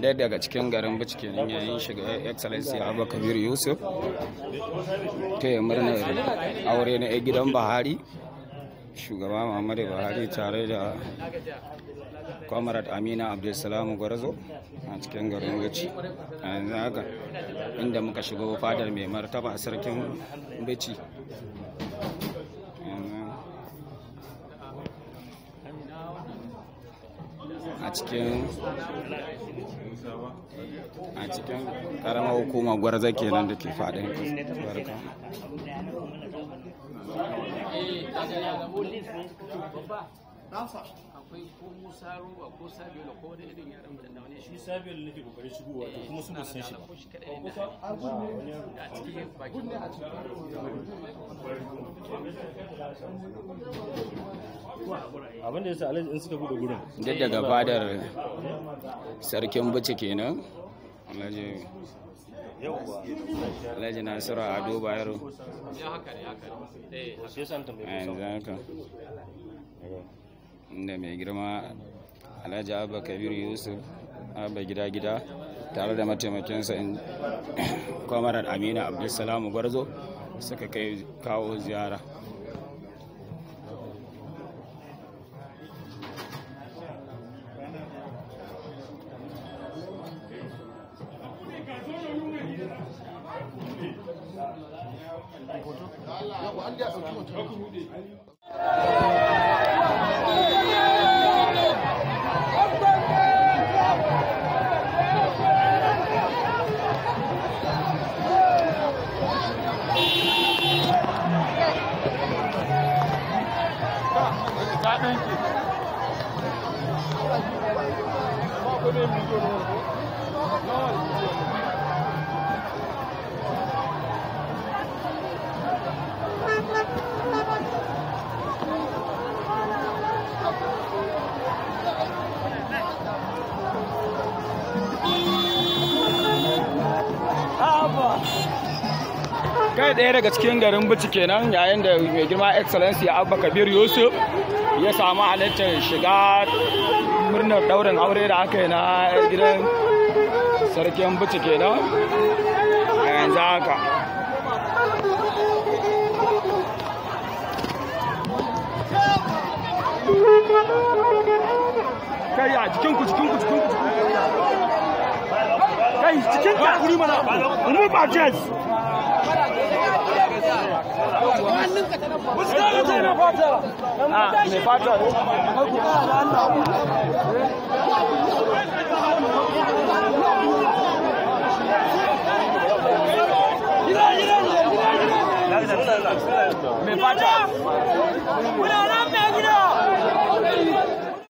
ɗaya daga cikin garin bici kenan yayin shiga excellency abba kabir yusuf ta yi murnar aure na gidan buhari shugaba muhammadu buhari tare da comrade amina abdulsalamu gwarzo a cikin garin bici yanzu haka inda muka shigo fadar mai martaba sarkin bici a cikin a cikin karamar hukumar gwarza kenan da ke faɗin barka ko musa roba ko sabiola ko wani irin yaran da shi sabiyar fadar sarkin bici kenan alhaji alhaji nasiru ya inda mai girma alhaji abba kabiru yusuf abba gida gida tare da mataimakinsa in kwamarar amina abdulsalamu gwarzo suka kai kawo ziyara kai ɗaya daga cikin garin bici kenan yayin da mai girma excellency abba kabir yusuf ya samu halittar shiga murnar daurin aure da aka yi na gidan sarkin bici kenan a yanzu haka kai a jikinku jikinku jikinku kai jikinka kuri mana mu ba jazz Ah, mais pas toi. Mais pas toi.